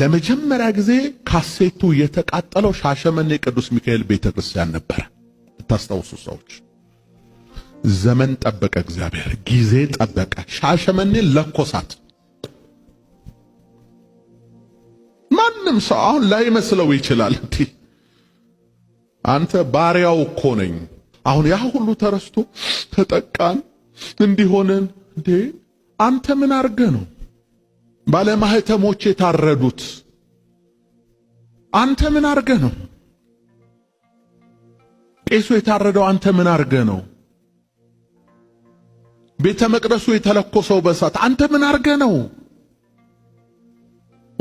ለመጀመሪያ ጊዜ ካሴቱ የተቃጠለው ሻሸመኔ ቅዱስ ሚካኤል ቤተክርስቲያን ነበረ። ታስታውሱ ሰዎች፣ ዘመን ጠበቀ፣ እግዚአብሔር ጊዜ ጠበቀ። ሻሸመኔ ለኮሳት። ማንም ሰው አሁን ላይመስለው ይችላል። እንዲህ አንተ ባሪያው እኮ ነኝ። አሁን ያ ሁሉ ተረስቶ ተጠቃን እንዲሆነን እንዴ? አንተ ምን አርገ ነው ባለማህተሞች የታረዱት አንተ ምን አርገ ነው? ቄሱ የታረደው አንተ ምን አርገ ነው? ቤተ መቅደሱ የተለኮሰው በሳት አንተ ምን አርገ ነው?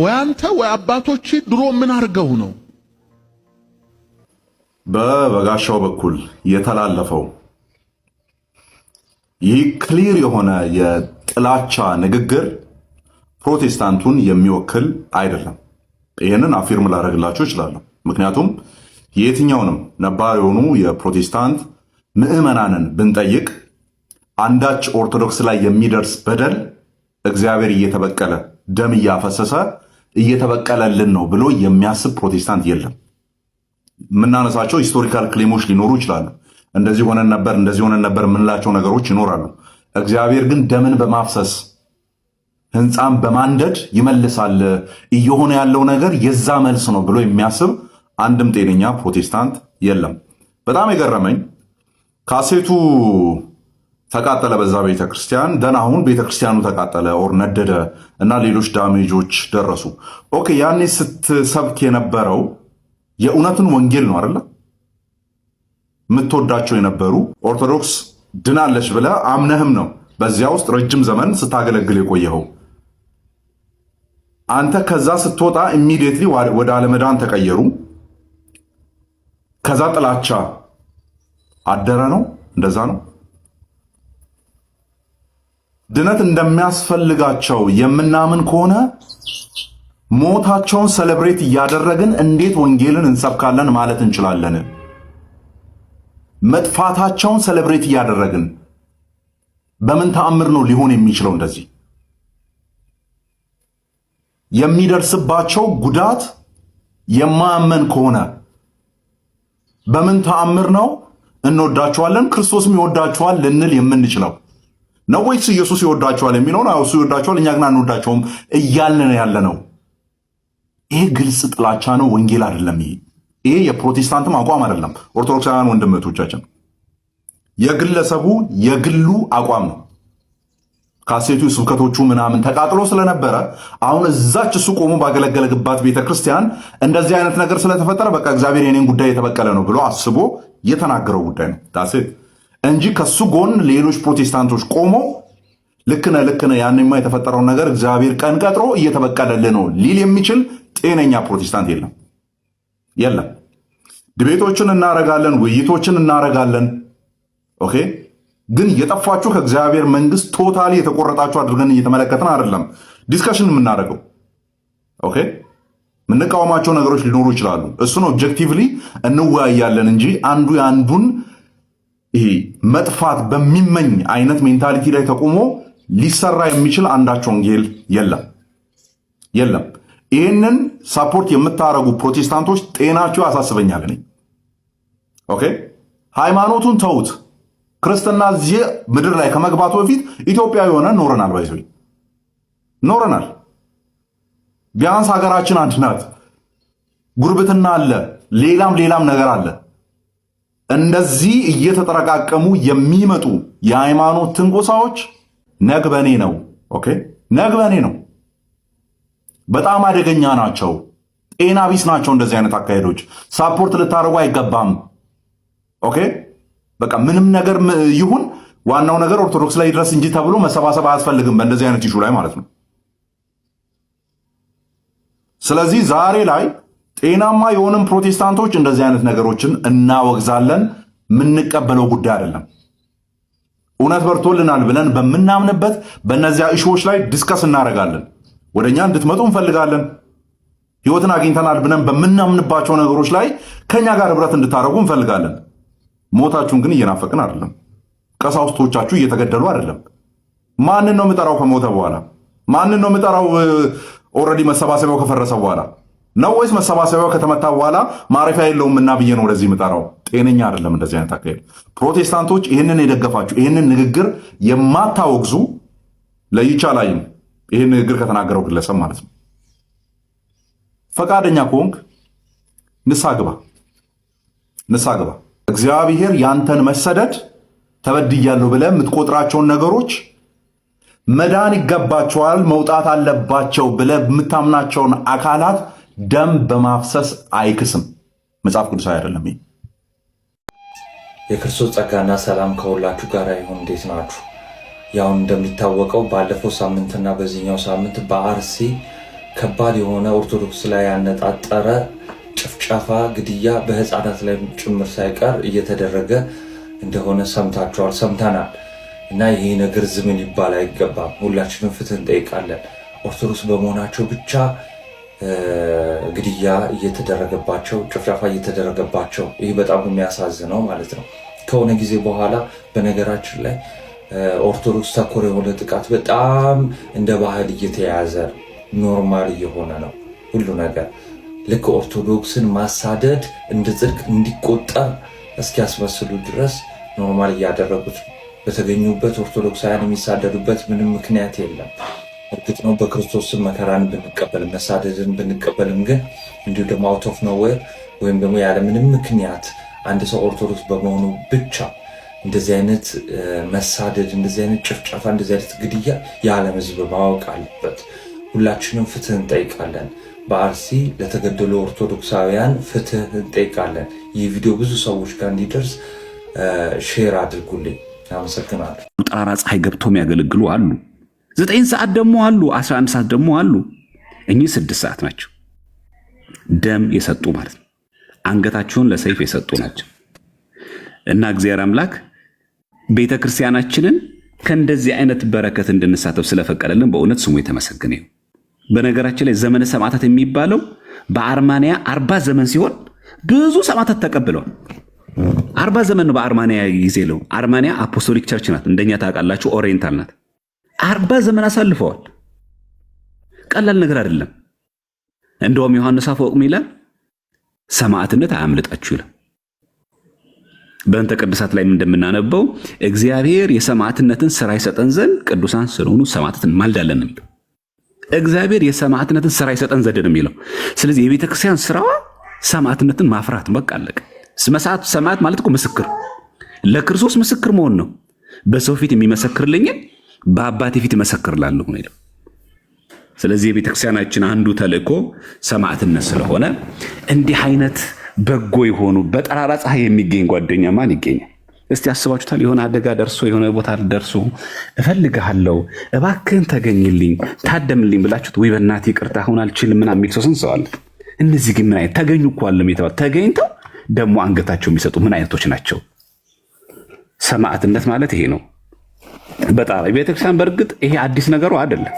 ወይ አንተ ወይ አባቶች ድሮ ምን አርገው ነው? በበጋሻው በኩል የተላለፈው ይህ ክሊር የሆነ የጥላቻ ንግግር ፕሮቴስታንቱን የሚወክል አይደለም። ይህንን አፊርም ላደረግላቸው እችላለሁ። ምክንያቱም የትኛውንም ነባር የሆኑ የፕሮቴስታንት ምዕመናንን ብንጠይቅ አንዳች ኦርቶዶክስ ላይ የሚደርስ በደል እግዚአብሔር እየተበቀለ ደም እያፈሰሰ እየተበቀለልን ነው ብሎ የሚያስብ ፕሮቴስታንት የለም። የምናነሳቸው ሂስቶሪካል ክሌሞች ሊኖሩ ይችላሉ። እንደዚህ ሆነን ነበር፣ እንደዚህ ሆነን ነበር የምንላቸው ነገሮች ይኖራሉ። እግዚአብሔር ግን ደምን በማፍሰስ ህንፃን በማንደድ ይመልሳል፣ እየሆነ ያለው ነገር የዛ መልስ ነው ብሎ የሚያስብ አንድም ጤነኛ ፕሮቴስታንት የለም። በጣም የገረመኝ ካሴቱ ተቃጠለ በዛ ቤተክርስቲያን ደን አሁን ቤተክርስቲያኑ ተቃጠለ ኦር ነደደ እና ሌሎች ዳሜጆች ደረሱ። ኦኬ ያኔ ስትሰብክ የነበረው የእውነትን ወንጌል ነው አይደለ? የምትወዳቸው የነበሩ ኦርቶዶክስ ድናለች ብለ አምነህም ነው በዚያ ውስጥ ረጅም ዘመን ስታገለግል የቆየኸው። አንተ ከዛ ስትወጣ ኢሚዲየትሊ ወደ አለመዳን ተቀየሩ። ከዛ ጥላቻ አደረ ነው። እንደዛ ነው። ድነት እንደሚያስፈልጋቸው የምናምን ከሆነ ሞታቸውን ሰለብሬት እያደረግን እንዴት ወንጌልን እንሰብካለን ማለት እንችላለን? መጥፋታቸውን ሰለብሬት እያደረግን በምን ተአምር ነው ሊሆን የሚችለው እንደዚህ? የሚደርስባቸው ጉዳት የማያመን ከሆነ በምን ተአምር ነው እንወዳቸዋለን ክርስቶስም ይወዳቸዋል ልንል የምንችለው ነው ወይስ ኢየሱስ ይወዳቸዋል ነው? እሱ ይወዳቸዋል እኛ ግን አንወዳቸውም እያልን ያለ ነው። ይሄ ግልጽ ጥላቻ ነው፣ ወንጌል አይደለም። ይሄ ይሄ የፕሮቴስታንትም አቋም አይደለም። ኦርቶዶክሳውያን ወንድምቶቻችን የግለሰቡ የግሉ አቋም ነው። ካሴቱ ስብከቶቹ ምናምን ተቃጥሎ ስለነበረ አሁን እዛች እሱ ቆሞ ባገለገለግባት ቤተክርስቲያን እንደዚህ አይነት ነገር ስለተፈጠረ በቃ እግዚአብሔር የኔን ጉዳይ የተበቀለ ነው ብሎ አስቦ የተናገረው ጉዳይ ነው ሴት እንጂ ከሱ ጎን ሌሎች ፕሮቴስታንቶች ቆመው ልክነ ልክነ ያንማ የተፈጠረውን ነገር እግዚአብሔር ቀን ቀጥሮ እየተበቀለልህ ነው ሊል የሚችል ጤነኛ ፕሮቴስታንት የለም የለም። ድቤቶችን እናረጋለን፣ ውይይቶችን እናረጋለን። ኦኬ ግን የጠፋችሁ ከእግዚአብሔር መንግስት ቶታሊ የተቆረጣችሁ አድርገን እየተመለከትን አይደለም ዲስከሽን የምናደርገው። ኦኬ የምንቃወማቸው ነገሮች ሊኖሩ ይችላሉ። እሱን ኦብጀክቲቭሊ እንወያያለን እንጂ አንዱ የአንዱን ይሄ መጥፋት በሚመኝ አይነት ሜንታሊቲ ላይ ተቆሞ ሊሰራ የሚችል አንዳች ወንጌል የለም የለም። ይህንን ሳፖርት የምታደረጉ ፕሮቴስታንቶች ጤናቸው ያሳስበኛል። እኔ ኦኬ ሃይማኖቱን ተውት ክርስትና እዚህ ምድር ላይ ከመግባቱ በፊት ኢትዮጵያ የሆነ ኖረናል፣ ባይዘ ኖረናል። ቢያንስ ሀገራችን አንድ ናት። ጉርብትና አለ፣ ሌላም ሌላም ነገር አለ። እንደዚህ እየተጠረቃቀሙ የሚመጡ የሃይማኖት ትንኮሳዎች ነግበኔ ነው። ኦኬ ነግበኔ ነው። በጣም አደገኛ ናቸው። ጤና ቢስ ናቸው። እንደዚህ አይነት አካሄዶች ሳፖርት ልታደርጉ አይገባም። ኦኬ በቃ ምንም ነገር ይሁን ዋናው ነገር ኦርቶዶክስ ላይ ድረስ እንጂ ተብሎ መሰባሰብ አያስፈልግም በእንደዚህ አይነት ይሹ ላይ ማለት ነው። ስለዚህ ዛሬ ላይ ጤናማ የሆንም ፕሮቴስታንቶች እንደዚህ አይነት ነገሮችን እናወግዛለን። የምንቀበለው ጉዳይ አይደለም። እውነት በርቶልናል ብለን በምናምንበት በእነዚያ እሾዎች ላይ ዲስከስ እናደርጋለን። ወደ እኛ እንድትመጡ እንፈልጋለን። ህይወትን አግኝተናል ብለን በምናምንባቸው ነገሮች ላይ ከእኛ ጋር ህብረት እንድታደርጉ እንፈልጋለን። ሞታችሁን ግን እየናፈቅን አይደለም። ቀሳውስቶቻችሁ እየተገደሉ አይደለም። ማንን ነው የምጠራው? ከሞተ በኋላ ማንን ነው የምጠራው? ኦልሬዲ መሰባሰቢያው ከፈረሰ በኋላ ነው ወይስ መሰባሰቢያው ከተመታ በኋላ ማረፊያ የለውም እና ብዬ ነው ወደዚህ የምጠራው? ጤነኛ አይደለም እንደዚህ አይነት አካሄድ። ፕሮቴስታንቶች ይህንን የደገፋችሁ ይህንን ንግግር የማታወግዙ ለይቻላይም ይህን ንግግር ከተናገረው ግለሰብ ማለት ነው ፈቃደኛ ከሆንክ ንሳ ግባ፣ ንሳ ግባ። እግዚአብሔር ያንተን መሰደድ ተበድያለሁ ብለህ የምትቆጥራቸውን ነገሮች መዳን ይገባቸዋል፣ መውጣት አለባቸው ብለህ የምታምናቸውን አካላት ደም በማፍሰስ አይክስም። መጽሐፍ ቅዱስ አይደለም። የክርስቶስ ጸጋና ሰላም ከሁላችሁ ጋር ይሁን። እንዴት ናችሁ? ያው እንደሚታወቀው ባለፈው ሳምንትና በዚህኛው ሳምንት በአርሲ ከባድ የሆነ ኦርቶዶክስ ላይ ያነጣጠረ ጭፍጨፋ፣ ግድያ በህፃናት ላይ ጭምር ሳይቀር እየተደረገ እንደሆነ ሰምታችኋል፣ ሰምተናል። እና ይሄ ነገር ዝም ሊባል አይገባም። ሁላችንም ፍትህ እንጠይቃለን። ኦርቶዶክስ በመሆናቸው ብቻ ግድያ እየተደረገባቸው ጭፍጨፋ እየተደረገባቸው ይህ በጣም የሚያሳዝነው ማለት ነው። ከሆነ ጊዜ በኋላ በነገራችን ላይ ኦርቶዶክስ ተኮር የሆነ ጥቃት በጣም እንደ ባህል እየተያዘ ኖርማል እየሆነ ነው ሁሉ ነገር። ልክ ኦርቶዶክስን ማሳደድ እንደ ጽድቅ እንዲቆጠር እስኪያስመስሉ ድረስ ኖርማል እያደረጉት ነው። በተገኙበት ኦርቶዶክሳውያን የሚሳደዱበት ምንም ምክንያት የለም። እርግጥ ነው በክርስቶስን መከራን ብንቀበል መሳደድን ብንቀበልም ግን እንዲሁ ደግሞ አውት ኦፍ ኖዌር ወይም ደግሞ ያለምንም ምክንያት አንድ ሰው ኦርቶዶክስ በመሆኑ ብቻ እንደዚህ አይነት መሳደድ፣ እንደዚህ አይነት ጭፍጨፋ፣ እንደዚህ አይነት ግድያ የዓለም ሕዝብ ማወቅ አለበት። ሁላችንም ፍትህ እንጠይቃለን። በአርሲ ለተገደሉ ኦርቶዶክሳውያን ፍትህ እንጠይቃለን። ይህ ቪዲዮ ብዙ ሰዎች ጋር እንዲደርስ ሼር አድርጉልኝ። አመሰግናለሁ። ጠራራ ፀሐይ ገብቶ የሚያገለግሉ አሉ። ዘጠኝ ሰዓት ደግሞ አሉ። አስራ አንድ ሰዓት ደግሞ አሉ። እኚህ ስድስት ሰዓት ናቸው። ደም የሰጡ ማለት ነው። አንገታቸውን ለሰይፍ የሰጡ ናቸው እና እግዚአብሔር አምላክ ቤተክርስቲያናችንን ከእንደዚህ አይነት በረከት እንድንሳተፍ ስለፈቀደልን በእውነት ስሙ የተመሰገነ ይሁን። በነገራችን ላይ ዘመነ ሰማዕታት የሚባለው በአርማንያ አርባ ዘመን ሲሆን ብዙ ሰማዕታት ተቀብለዋል። አርባ ዘመን ነው በአርማንያ ጊዜ ለው አርማንያ አፖስቶሊክ ቸርች ናት። እንደኛ ታውቃላችሁ፣ ኦሪየንታል ናት። አርባ ዘመን አሳልፈዋል። ቀላል ነገር አይደለም። እንደውም ዮሐንስ አፈወርቅ ይላል ሰማዕትነት አያምልጣችሁ ይላል። በእንተ ቅዱሳት ላይ እንደምናነበው እግዚአብሔር የሰማዕትነትን ስራ ይሰጠን ዘንድ ቅዱሳን ስለሆኑ ሰማዕታትን ማልዳለን የሚለው እግዚአብሔር የሰማዕትነትን ስራ ይሰጠን ዘንድ ነው የሚለው። ስለዚህ የቤተክርስቲያን ስራዋ ሰማዕትነትን ማፍራት በቃ አለቀ። መሰዓት ሰማዕት ማለት ምስክር፣ ለክርስቶስ ምስክር መሆን ነው። በሰው ፊት የሚመሰክርልኝን በአባቴ ፊት እመሰክርላለሁ ነው የሚለው። ስለዚህ የቤተክርስቲያናችን አንዱ ተልእኮ ሰማዕትነት ስለሆነ እንዲህ አይነት በጎ የሆኑ በጠራራ ፀሐይ የሚገኝ ጓደኛ ማን ይገኛል? እስቲ አስባችሁታል? የሆነ አደጋ ደርሶ የሆነ ቦታ ደርሶ እፈልግሃለሁ እባክህን ተገኝልኝ ታደምልኝ ብላችሁት ወይ በእናት ይቅርታ አሁን አልችልም ምናምን የሚል ሰው ስንት ሰው አለ? እነዚህ ግን ምን አይነት ተገኙ እኮ አለም የተባለ ተገኝተው ደግሞ አንገታቸው የሚሰጡ ምን አይነቶች ናቸው? ሰማዕትነት ማለት ይሄ ነው። በጣም ቤተክርስቲያን፣ በእርግጥ ይሄ አዲስ ነገሩ አይደለም።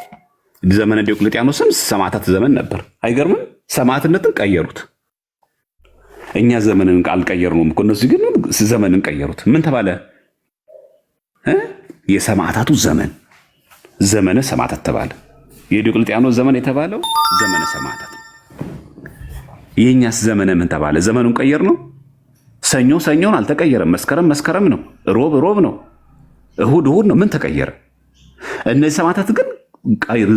ዘመነ ዲዮቅልጥያኖስም ሰማዕታት ዘመን ነበር። አይገርምም? ሰማዕትነትን ቀየሩት። እኛ ዘመንን አልቀየርነውም እኮ እነሱ ግን ዘመንን ቀየሩት። ምን ተባለ? የሰማዕታቱ ዘመን ዘመነ ሰማዕታት ተባለ። የዲዮቅልጥያኖስ ዘመን የተባለው ዘመነ ሰማዕታት የእኛስ ዘመነ ምን ተባለ? ዘመኑን ቀየር ነው። ሰኞ ሰኞን አልተቀየረም። መስከረም መስከረም ነው። ሮብ ሮብ ነው። እሁድ እሁድ ነው። ምን ተቀየረ? እነዚህ ሰማዕታት ግን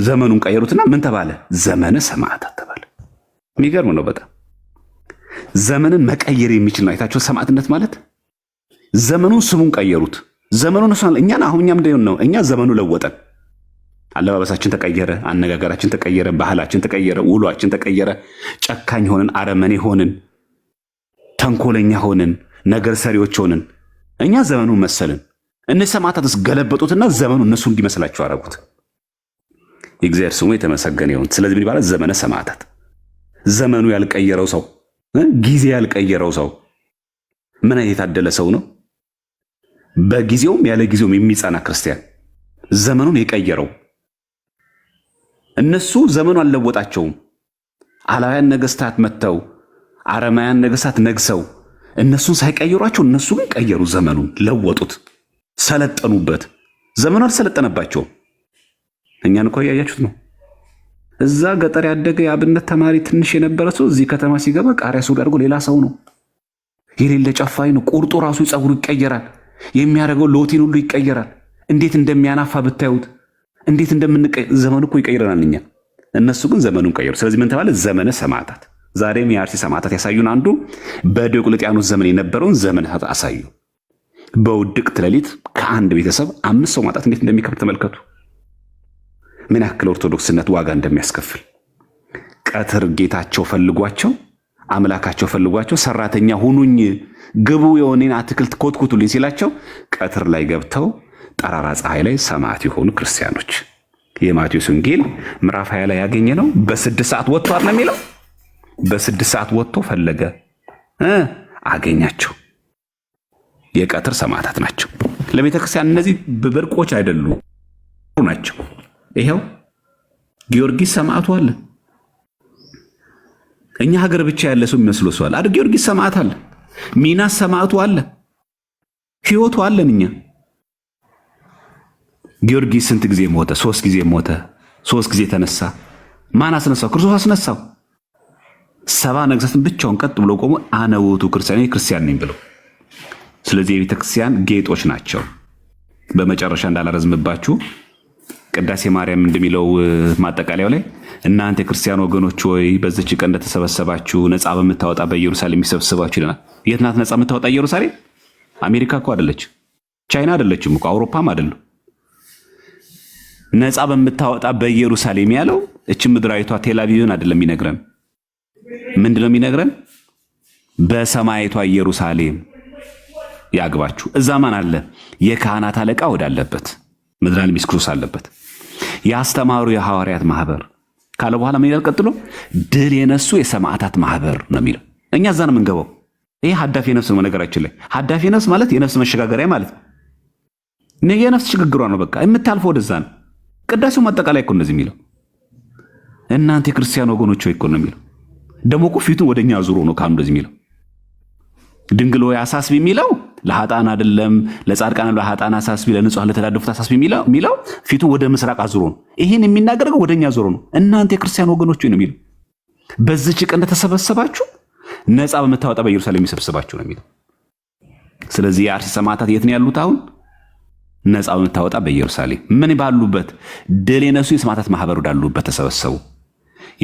ዘመኑን ቀየሩትና ምን ተባለ? ዘመነ ሰማዕታት ተባለ። የሚገርም ነው በጣም ዘመንን መቀየር የሚችል ነው። አይታቸው ሰማዕትነት ማለት ዘመኑን ስሙን ቀየሩት። ዘመኑን እሷ እኛን አሁን እኛም ነው እኛ ዘመኑ ለወጠን። አለባበሳችን ተቀየረ፣ አነጋገራችን ተቀየረ፣ ባህላችን ተቀየረ፣ ውሏችን ተቀየረ። ጨካኝ ሆንን፣ አረመኔ ሆንን፣ ተንኮለኛ ሆንን፣ ነገር ሰሪዎች ሆንን። እኛ ዘመኑን መሰልን። እነዚህ ሰማዕታትስ ገለበጡትና ዘመኑ እነሱ እንዲመስላቸው አረጉት። የእግዚአብሔር ስሙ የተመሰገነ ይሁን። ስለዚህ ምን ይባላል? ዘመነ ሰማዕታት። ዘመኑ ያልቀየረው ሰው ጊዜ ያልቀየረው ሰው ምን አይነት የታደለ ሰው ነው? በጊዜውም ያለ ጊዜውም የሚጸና ክርስቲያን ዘመኑን የቀየረው። እነሱ ዘመኑ አልለወጣቸውም። አላውያን ነገስታት መጥተው አረማውያን ነገስታት ነግሰው እነሱን ሳይቀየሯቸው እነሱ ግን ቀየሩ። ዘመኑን ለወጡት፣ ሰለጠኑበት። ዘመኑ አልሰለጠነባቸውም። እኛን እኮ እያያችሁት ነው። እዛ ገጠር ያደገ የአብነት ተማሪ ትንሽ የነበረ ሰው እዚህ ከተማ ሲገባ ቃሪያ ሰው አድርጎ ሌላ ሰው ነው። የሌለ ጨፋኝ ነው። ቁርጦ ራሱ ጸጉሩ ይቀየራል። የሚያደርገው ሎቲን ሁሉ ይቀየራል። እንዴት እንደሚያናፋ ብታዩት፣ እንዴት እንደምንቀ ዘመኑ እኮ ይቀይረናል እኛ። እነሱ ግን ዘመኑን ቀየሩ። ስለዚህ ምን ተባለ? ዘመነ ሰማዕታት። ዛሬም የአርሲ ሰማዕታት ያሳዩን አንዱ በዲዮቅልጥያኖስ ዘመን የነበረውን ዘመን አሳዩ። በውድቅት ሌሊት ከአንድ ቤተሰብ አምስት ሰው ማጣት እንዴት እንደሚከብድ ተመልከቱ። ምን ያክል ኦርቶዶክስነት ዋጋ እንደሚያስከፍል ቀትር ጌታቸው ፈልጓቸው አምላካቸው ፈልጓቸው ሰራተኛ ሁኑኝ ግቡ የሆነን አትክልት ኮትኩቱልኝ ሲላቸው ቀትር ላይ ገብተው ጠራራ ፀሐይ ላይ ሰማዕት የሆኑ ክርስቲያኖች የማቴዎስ ወንጌል ምዕራፍ ሀያ ላይ ያገኘ ነው። በስድስት ሰዓት ወጥቶ አለ የሚለው በስድስት ሰዓት ወጥቶ ፈለገ አገኛቸው። የቀትር ሰማዕታት ናቸው። ለቤተክርስቲያን እነዚህ ብርቆች አይደሉም ናቸው። ይሄው ጊዮርጊስ ሰማዕቱ አለ። እኛ ሀገር ብቻ ያለ ሰው የሚመስለው ሰው አለ ጊዮርጊስ ሰማዕት አለ፣ ሚናስ ሰማዕቱ አለ፣ ህይወቱ አለን እኛ። ጊዮርጊስ ስንት ጊዜ ሞተ? ሶስት ጊዜ ሞተ፣ ሶስት ጊዜ ተነሳ። ማን አስነሳው? ክርስቶስ አስነሳው። ሰባ ነገስታትን ብቻውን ቀጥ ብሎ ቆሞ አነ ውእቱ ክርስቲያን፣ እኔ ክርስቲያን ነኝ ብሎ። ስለዚህ የቤተክርስቲያን ጌጦች ናቸው። በመጨረሻ እንዳላረዝምባችሁ ቅዳሴ ማርያም እንደሚለው ማጠቃለያው ላይ እናንተ የክርስቲያን ወገኖች ወይ በዚች ቀን እንደተሰበሰባችሁ ነፃ በምታወጣ በኢየሩሳሌም ይሰብስባችሁ ይለናል። የት ናት ነፃ የምታወጣ ኢየሩሳሌም? አሜሪካ እኮ አደለች፣ ቻይና አደለችም እኮ አውሮፓም አደለም። ነፃ በምታወጣ በኢየሩሳሌም ያለው እች ምድራዊቷ ቴላቪቭን አደለም ይነግረን። ነው የሚነግረን? በሰማይቷ ኢየሩሳሌም ያግባችሁ። እዛ ማን አለ? የካህናት አለቃ ወዳለበት ምድራን ሚስክሩስ አለበት ያስተማሩ የሐዋርያት ማህበር ካለ በኋላ ምን ይላል ቀጥሎ? ድል የነሱ የሰማዕታት ማህበር ነው የሚለው። እኛ እዛ ነው የምንገባው። ይሄ ሀዳፊ ነፍስ ነው። ነገራችን ላይ ሀዳፊ ነፍስ ማለት የነፍስ መሸጋገሪያ ማለት ነው። የነፍስ ሽግግሯ ነው። በቃ የምታልፈው ወደዛ ነው። ቅዳሴው ማጠቃላይ እኮ እንደዚህ የሚለው እናንተ የክርስቲያን ወገኖች ሆይ እኮ ነው የሚለው። ደግሞ እኮ ፊቱን ወደኛ ዙሮ ነው ካሉ እንደዚህ የሚለው ድንግል ሆይ አሳስብ የሚለው ለሀጣን አይደለም ለጻድቃን ለሀጣን አሳስቢ ለንጹሐን ለተዳደፉት አሳስቢ የሚለው ፊቱ ወደ ምስራቅ አዙሮ ነው። ይህን የሚናገረው ወደኛ ዞሮ ነው። እናንተ የክርስቲያን ወገኖች ነው የሚለው። በዚች ቀን እንደተሰበሰባችሁ ነፃ በምታወጣ በኢየሩሳሌም የሚሰብስባችሁ ነው የሚለው። ስለዚህ የአርሲ ሰማዕታት የት ነው ያሉት? አሁን ነፃ በምታወጣ በኢየሩሳሌም ምን ባሉበት ድል የነሱ የሰማዕታት ማህበር ወዳሉበት ተሰበሰቡ።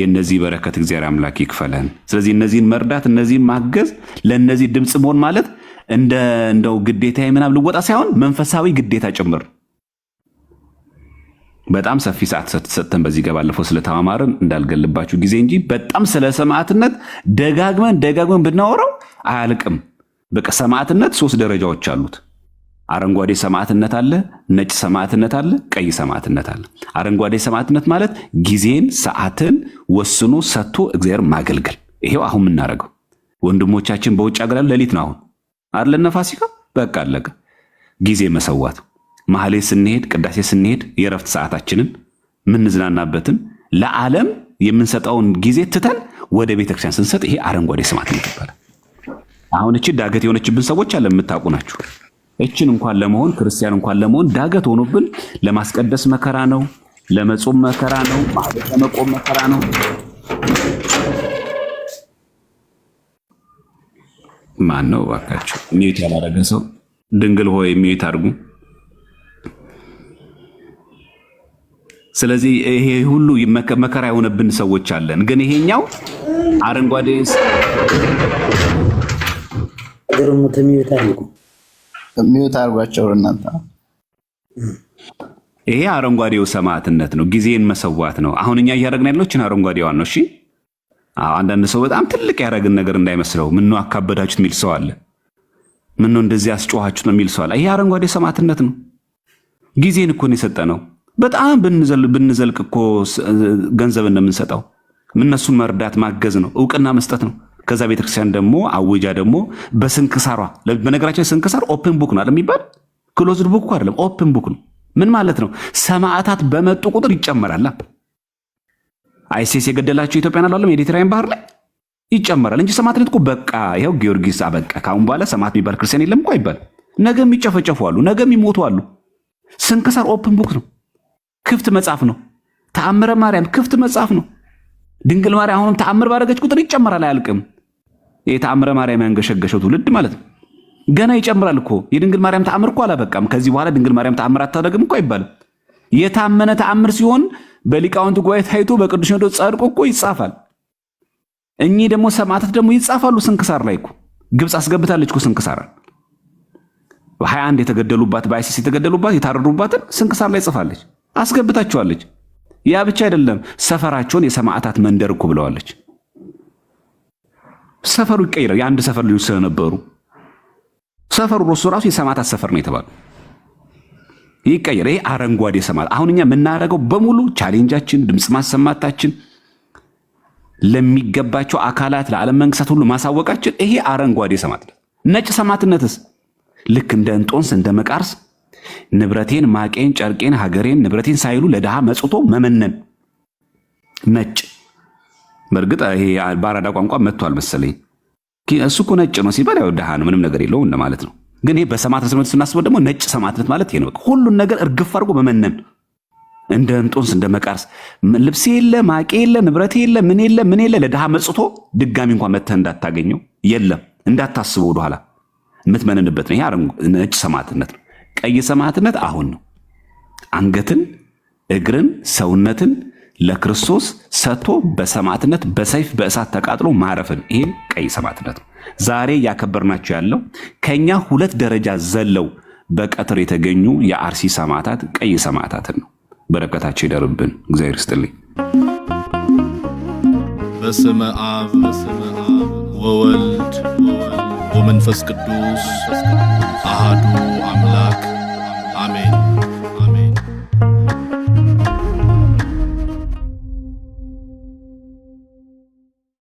የእነዚህ በረከት እግዚአብሔር አምላክ ይክፈለን። ስለዚህ እነዚህን መርዳት፣ እነዚህን ማገዝ፣ ለእነዚህ ድምፅ መሆን ማለት እንደ እንደው ግዴታ ምናምን ልወጣ ሳይሆን መንፈሳዊ ግዴታ ጭምር በጣም ሰፊ ሰዓት ሰጥተን በዚህ ጋር ባለፈው ስለተማማርን እንዳልገልባችሁ ጊዜ እንጂ በጣም ስለ ሰማዕትነት ደጋግመን ደጋግመን ብናወራው አያልቅም። በቃ ሰማዕትነት ሶስት ደረጃዎች አሉት። አረንጓዴ ሰማዕትነት አለ፣ ነጭ ሰማዕትነት አለ፣ ቀይ ሰማዕትነት አለ። አረንጓዴ ሰማዕትነት ማለት ጊዜን ሰዓትን ወስኖ ሰጥቶ እግዚአብሔር ማገልገል፣ ይሄው አሁን የምናደርገው ወንድሞቻችን በውጭ አገር ሌሊት ነው አሁን አይደለና ፋሲካ በቃ አለቀ። ጊዜ መሰዋት ማህሌ ስንሄድ ቅዳሴ ስንሄድ የእረፍት ሰዓታችንን ምንዝናናበትን ለዓለም የምንሰጠውን ጊዜ ትተን ወደ ቤተክርስቲያን ስንሰጥ ይሄ አረንጓዴ ስማት ይባላል። አሁን እቺ ዳገት የሆነችብን ሰዎች አለ የምታውቁ ናችሁ። እችን እንኳን ለመሆን ክርስቲያን እንኳን ለመሆን ዳገት ሆኖብን ለማስቀደስ መከራ ነው፣ ለመጾም መከራ ነው፣ ለመቆም መከራ ነው። ማን ነው እባካችሁ? ሚዩት ያላደረገ ሰው ድንግል ሆይ ሚዩት አድርጉ። ስለዚህ ይሄ ሁሉ መከራ የሆነብን ሰዎች አለን፣ ግን ይሄኛው አረንጓዴ ሚዩት አድርጓቸው እናንተ። ይሄ አረንጓዴው ሰማዕትነት ነው፣ ጊዜን መሰዋት ነው። አሁን እኛ እያደረግን ያለችን አረንጓዴዋን ነው። እሺ አንዳንድ ሰው በጣም ትልቅ ያደረግን ነገር እንዳይመስለው ምነው አካበዳችሁት የሚል ሰው አለ። ምነው እንደዚህ አስጮኋችሁት ነው የሚል ሰው አለ። ይሄ አረንጓዴ ሰማዕትነት ነው። ጊዜን እኮ ነው የሰጠነው። በጣም ብንዘልቅ እኮ ገንዘብ እንደምንሰጠው እነሱን መርዳት ማገዝ ነው፣ እውቅና መስጠት ነው። ከዛ ቤተክርስቲያን ደግሞ አውጃ ደግሞ በስንክሳሯ በነገራችን ስንክሳር ኦፕን ቡክ ነው አለም የሚባል ክሎዝድ ቡክ አይደለም፣ ኦፕን ቡክ ነው። ምን ማለት ነው? ሰማዕታት በመጡ ቁጥር ይጨመራል። አይሲስ የገደላቸው ኢትዮጵያን አላለም ሜዲትራኒያን ባህር ላይ ይጨመራል እንጂ ሰማዕትነት እኮ በቃ ይኸው ጊዮርጊስ አበቃ። ካሁን በኋላ ሰማዕት የሚባል ክርስቲያን የለም እኮ አይባልም። ነገም ይጨፈጨፉ አሉ፣ ነገም ይሞቱ አሉ። ስንክሳር ኦፕን ቡክ ነው፣ ክፍት መጽሐፍ ነው። ተአምረ ማርያም ክፍት መጽሐፍ ነው። ድንግል ማርያም አሁንም ተአምር ባደረገች ቁጥር ይጨመራል፣ አያልቅም። የተአምረ ማርያም ያንገሸገሸው ትውልድ ማለት ነው። ገና ይጨምራል እኮ የድንግል ማርያም ተአምር እኮ አላበቃም። ከዚህ በኋላ ድንግል ማርያም ተአምር አታደርግም እኮ አይባልም። የታመነ ተአምር ሲሆን በሊቃውንት ጉባኤ ታይቶ በቅዱስ ሲኖዶስ ጸድቆ እኮ ይጻፋል። እኚህ ደግሞ ሰማዕታት ደግሞ ይጻፋሉ። ስንክሳር ላይ እኮ ግብፅ አስገብታለች እኮ ስንክሳርን በሀያ አንድ የተገደሉባት በአይሲስ የተገደሉባት የታረዱባትን ስንክሳር ላይ ጽፋለች፣ አስገብታቸዋለች ያ ብቻ አይደለም፣ ሰፈራቸውን የሰማዕታት መንደር እኮ ብለዋለች። ሰፈሩ ይቀይራል። የአንድ ሰፈር ልጆች ስለነበሩ ሰፈሩ ሮሱ ራሱ የሰማዕታት ሰፈር ነው የተባለው። ይቀየር። ይሄ አረንጓዴ ሰማይ አሁን እኛ የምናደርገው በሙሉ ቻሌንጃችን፣ ድምፅ ማሰማታችን፣ ለሚገባቸው አካላት ለዓለም መንግስታት ሁሉ ማሳወቃችን ይሄ አረንጓዴ ሰማዕትነት። ነጭ ሰማዕትነትስ ልክ እንደ እንጦንስ እንደ መቃርስ ንብረቴን፣ ማቄን፣ ጨርቄን፣ ሀገሬን፣ ንብረቴን ሳይሉ ለድሃ መጽቶ መመነን ነጭ። በእርግጥ ይሄ በአራዳ ቋንቋ መጥቷል መሰለኝ። እሱ እኮ ነጭ ነው ሲባል ያው ድሃ ነው ምንም ነገር የለውም እንደማለት ነው። ግን ይሄ በሰማዕትነት ስናስበው ደግሞ ነጭ ሰማዕትነት ማለት ይሄ ነው። ሁሉን ነገር እርግፍ አድርጎ መመነን እንደ እንጦንስ እንደ መቃርስ ልብስ የለ ማቄ የለ ንብረት የለ ምን የለ ምን የለ ለድሃ መጽቶ ድጋሚ እንኳን መተህ እንዳታገኘው የለም እንዳታስበው ወደኋላ የምትመንንበት ነው። ይሄ ነጭ ሰማዕትነት ነው። ቀይ ሰማዕትነት አሁን ነው። አንገትን፣ እግርን፣ ሰውነትን ለክርስቶስ ሰጥቶ በሰማዕትነት በሰይፍ በእሳት ተቃጥሎ ማረፍን ይሄ ቀይ ሰማዕትነት ነው። ዛሬ ያከበርናቸው ያለው ከኛ ሁለት ደረጃ ዘለው በቀትር የተገኙ የአርሲ ሰማዕታት ቀይ ሰማዕታትን ነው። በረከታቸው ይደርብን። እግዚአብሔር ይስጥልኝ። በስመ አብ ወወልድ ወመንፈስ ቅዱስ አሃዱ